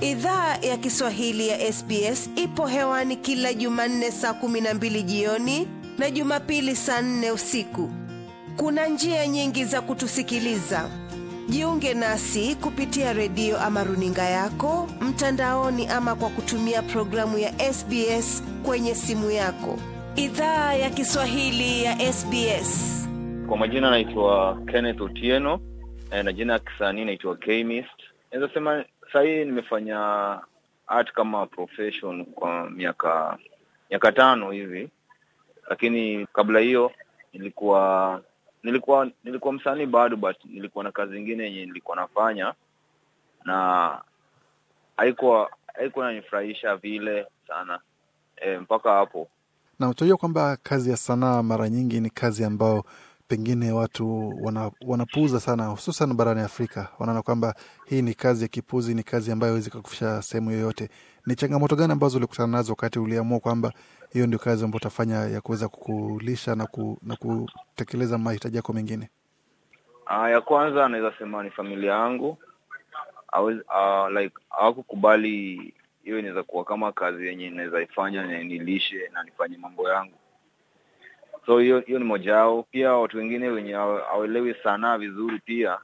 Idhaa ya Kiswahili ya SBS ipo hewani kila Jumanne saa kumi na mbili jioni na Jumapili saa nne usiku. Kuna njia nyingi za kutusikiliza. Jiunge nasi kupitia redio ama runinga yako mtandaoni, ama kwa kutumia programu ya SBS kwenye simu yako. Idhaa ya Kiswahili ya SBS. Kwa majina naitwa Kenneth Otieno, eh, na jina ya kisanii naitwa Kmist. Naweza sema saa nimefanya art kama profession kwa miaka miaka tano hivi, lakini kabla hiyo nilikuwa nilikuwa nilikuwa msanii bado, but nilikuwa na kazi nyingine yenye nilikuwa nafanya na haikuwa haikuwa nanifurahisha vile sana e, mpaka hapo. Na utajua kwamba kazi ya sanaa mara nyingi ni kazi ambayo pengine watu wana, wanapuuza sana, hususan barani Afrika. Wanaona kwamba hii ni kazi ya kipuzi, ni kazi ambayo wezi kakufisha sehemu yoyote. Ni changamoto gani ambazo ulikutana nazo wakati uliamua kwamba hiyo ndio kazi ambayo utafanya ya kuweza kukulisha na, ku, na kutekeleza mahitaji yako mengine? Uh, ya kwanza anaweza sema ni familia yangu uh, like hiyo inaweza kuwa kama kazi yenye inaweza ifanya nilishe na nifanye mambo yangu so hiyo hiyo ni moja yao. Pia watu wengine wenye hawaelewi sanaa vizuri pia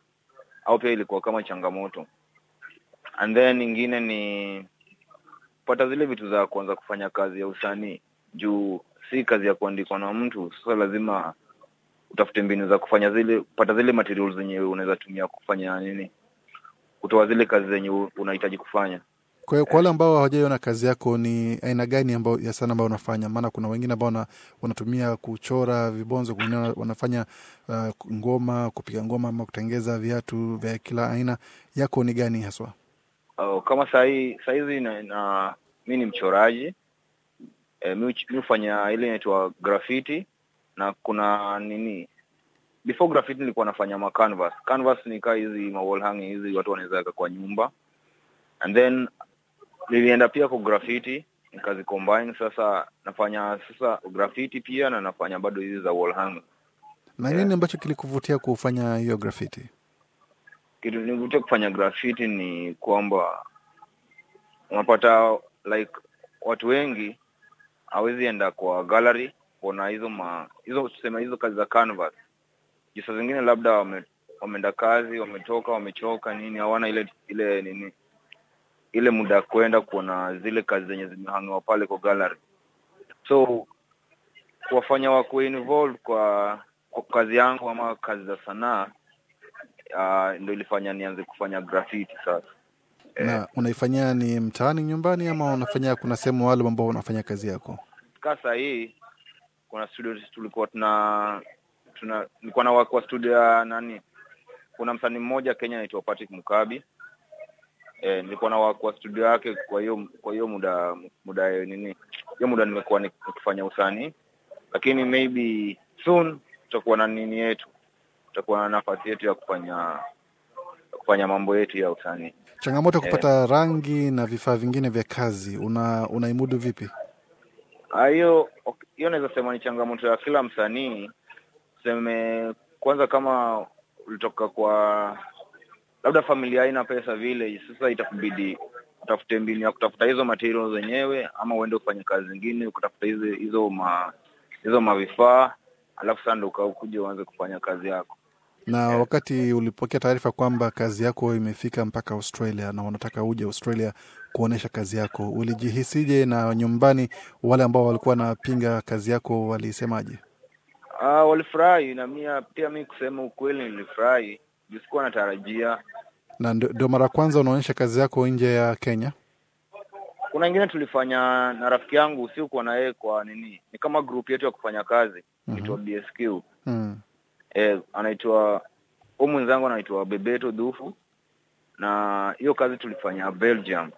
au pia ilikuwa kama changamoto, and then ingine ni pata zile vitu za kuanza kufanya kazi ya usanii, juu si kazi ya kuandikwa na mtu. Sasa lazima utafute mbinu za kufanya zile, pata zile materials zenye unaweza tumia kufanya nini, kutoa zile kazi zenye unahitaji kufanya. Kwa hiyo kwa wale ambao hawajaiona kazi yako, ni aina gani ambao ya sana ambayo unafanya? Maana kuna wengine ambao wanatumia kuchora vibonzo, wengine wanafanya uh, ngoma, kupiga ngoma ama kutengeza viatu vya kila aina. Yako ni gani haswa? Oh, kama sahii sahizi na, na mi ni mchoraji e, mi hufanya ile inaitwa grafiti na kuna nini before graffiti nilikuwa nafanya ma canvas. Canvas ni kaa hizi ma wall hanging hizi watu wanaweza weka kwa nyumba and then nilienda pia ku grafiti nikazi combine sasa nafanya sasa grafiti pia na nafanya bado hizi za wall hang na nini yeah. ambacho kilikuvutia kufanya hiyo grafiti kitu nivutia kufanya grafiti ni kwamba unapata like watu wengi hawezi enda kwa gallery kuona hizo ma hizo tuseme hizo kazi za canvas juu zingine labda wameenda kazi wametoka wamechoka nini hawana ile ile nini ile muda ya kwenda kuona zile kazi zenye zimehangiwa pale kwa gallery. So kuwafanya wako involved kwa, kwa kazi yangu ama kazi za sanaa uh, ah, ndo ilifanya nianze kufanya graffiti sasa. Eh. Na eh, unaifanyia ni mtaani nyumbani, ama unafanya kuna sehemu maalum ambao unafanya kazi yako? Kasa hii kuna studio tulikuwa tuna tuna nilikuwa na wako studio ya nani, kuna msanii mmoja Kenya anaitwa Patrick Mukabi eh, nilikuwa na kwa studio yake. Kwa hiyo kwa hiyo muda muda nini hiyo muda nimekuwa nikifanya usanii, lakini maybe soon tutakuwa na nini yetu, tutakuwa na nafasi yetu ya kufanya kufanya mambo yetu ya usanii. Changamoto ya eh. kupata rangi na vifaa vingine vya kazi, una unaimudu vipi ah, hiyo? Hiyo naweza sema ni changamoto ya kila msanii. seme kwanza, kama ulitoka kwa labda familia haina pesa vile, sasa itakubidi utafute mbinu ya kutafuta hizo materials zenyewe, ama uende kufanya kazi zingine ukutafuta hizo hizo ma hizo mavifaa, alafu sasa ndo ukakuja uanze kufanya kazi yako. Na wakati ulipokea taarifa kwamba kazi yako imefika mpaka Australia na wanataka uje Australia kuonyesha kazi yako, ulijihisije? Na nyumbani wale ambao walikuwa wanapinga kazi yako walisemaje? Uh, walifurahi na pia mi kusema ukweli nilifurahi sikuwa natarajia. Na ndio mara kwanza unaonyesha kazi yako nje ya Kenya? Kuna ingine tulifanya na rafiki yangu, usiukuwa na yeye kwa nini, ni kama grup yetu ya kufanya kazi mhm. inaitwa mm -hmm. BSQ mm. Eh, anaitwa hu mwenzangu anaitwa Bebeto Dhufu, na hiyo kazi tulifanya Belgium,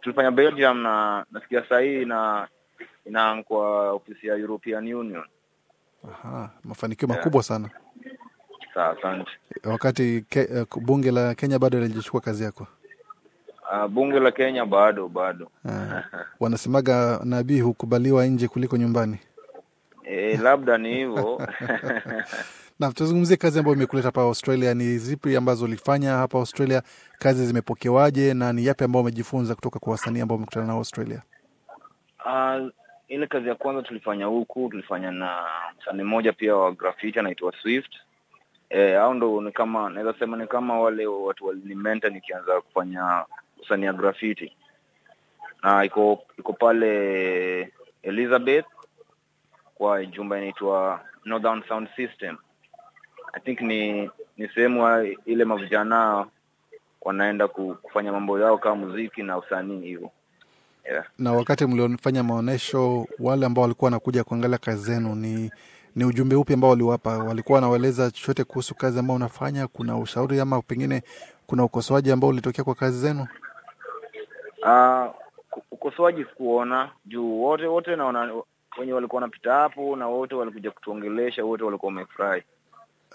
tulifanya Belgium na nasikia saa hii ina ofisi ya European Union. Aha, mafanikio yeah, makubwa sana Sawa, asante. Wakati ke, uh, bunge la Kenya bado halijachukua kazi yako? Uh, bunge la Kenya bado bado. Uh, wanasemaga nabii hukubaliwa nje kuliko nyumbani. E, labda ni hivyo. na tuzungumzie kazi ambayo imekuleta hapa Australia. Ni zipi ambazo ulifanya hapa Australia? Kazi zimepokewaje na ni yapi ambao umejifunza kutoka kwa wasanii ambao umekutana nao Australia? Uh, ile kazi ya kwanza tulifanya huku, tulifanya na msanii mmoja pia wa grafiti anaitwa Swift E, au ndo ni kama naweza sema ni kama wale watu walinimenta nikianza kufanya usanii ya graffiti, na iko iko pale Elizabeth kwa jumba inaitwa Northern Sound System. I think ni ni sehemu ile mavijana wanaenda kufanya mambo yao kama muziki na usanii hivyo. Yeah. Na wakati mliofanya maonyesho, wale ambao walikuwa wanakuja kuangalia kazi zenu ni ni ujumbe upi ambao waliwapa? Walikuwa wanaeleza chochote kuhusu kazi ambao unafanya? Kuna ushauri ama pengine kuna ukosoaji ambao ulitokea kwa kazi zenu? Uh, ukosoaji sikuona juu wote wote, naona wenye walikuwa wanapita hapo na wote walikuja kutuongelesha, wote walikuwa wamefurahi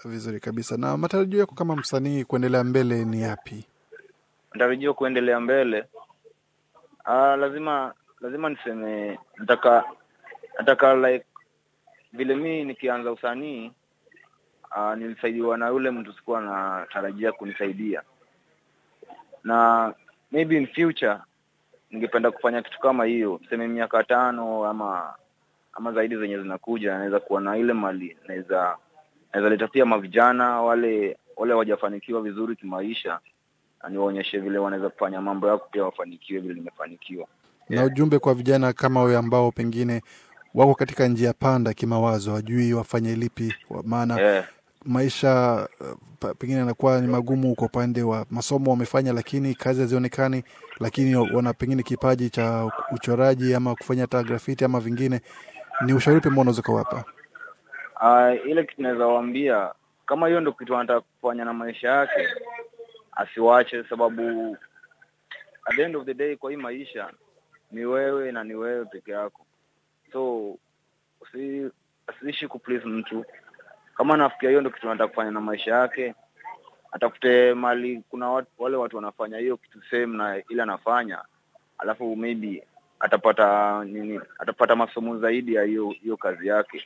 vizuri kabisa. Na matarajio yako kama msanii kuendelea mbele ni yapi? Matarajio kuendelea mbele, uh, lazima lazima niseme nataka nataka like vile mi nikianza usanii uh, nilisaidiwa na yule mtu sikuwa natarajia kunisaidia, na maybe in future ningependa kufanya kitu kama hiyo, seme miaka tano ama ama zaidi zenye zinakuja, naweza kuwa na ile mali, naweza naweza leta pia mavijana wale wale wajafanikiwa vizuri kimaisha, niwaonyeshe vile wanaweza kufanya mambo yako pia wafanikiwe vile nimefanikiwa. Yeah. Na ujumbe kwa vijana kama wewe ambao pengine wako katika njia panda kimawazo, wajui wafanye lipi, maana yeah maisha uh, pengine yanakuwa ni magumu kwa upande wa masomo wamefanya, lakini kazi hazionekani, lakini wana pengine kipaji cha uchoraji ama kufanya hata grafiti ama vingine. Ni ushauri pia unaweza kuwapa? Uh, ile kitu naweza waambia, kama hiyo ndio kitu anataka kufanya na maisha yake, asiwache, sababu at the end of the day, kwa hii maisha ni wewe na ni wewe peke yako so usi, usiishi kuplease mtu. Kama anafikia hiyo ndio kitu anataka kufanya na maisha yake, atafute mali. Kuna watu, wale watu wanafanya hiyo kitu same na ile anafanya, alafu maybe atapata nini, atapata masomo zaidi ya hiyo hiyo kazi yake.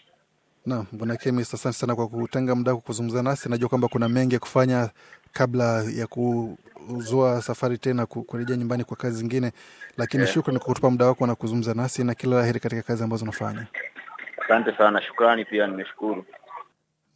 Naam, Bwana Kemis, asante sana kwa kutenga muda kuzungumza nasi. Najua kwamba kuna mengi ya kufanya kabla ya kuzua safari tena kurejea nyumbani kwa kazi zingine, lakini yeah, shukrani kwa kutupa muda wako na kuzungumza nasi, na kila laheri katika kazi ambazo unafanya. Asante sana, shukrani pia, nimeshukuru.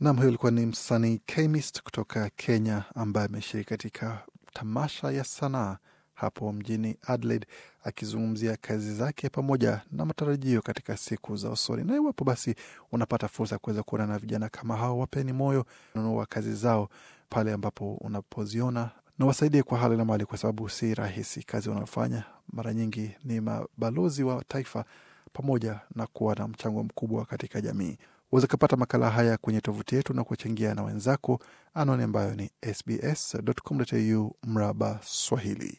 Naam, huyo ilikuwa ni msanii Kemis kutoka Kenya ambaye ameshiriki katika tamasha ya sanaa hapo mjini Adelaide akizungumzia kazi zake pamoja na matarajio katika siku za usoni. Na iwapo basi unapata fursa ya kuweza kuona na vijana kama hao, wapeni moyo, nunua kazi zao pale ambapo unapoziona na wasaidie kwa hali na mali, kwa sababu si rahisi kazi wanayofanya. Mara nyingi ni mabalozi wa taifa pamoja na kuwa na mchango mkubwa katika jamii. Waweza kupata makala haya kwenye tovuti yetu na kuchangia na wenzako, anwani ambayo ni sbs.com.au mraba Swahili.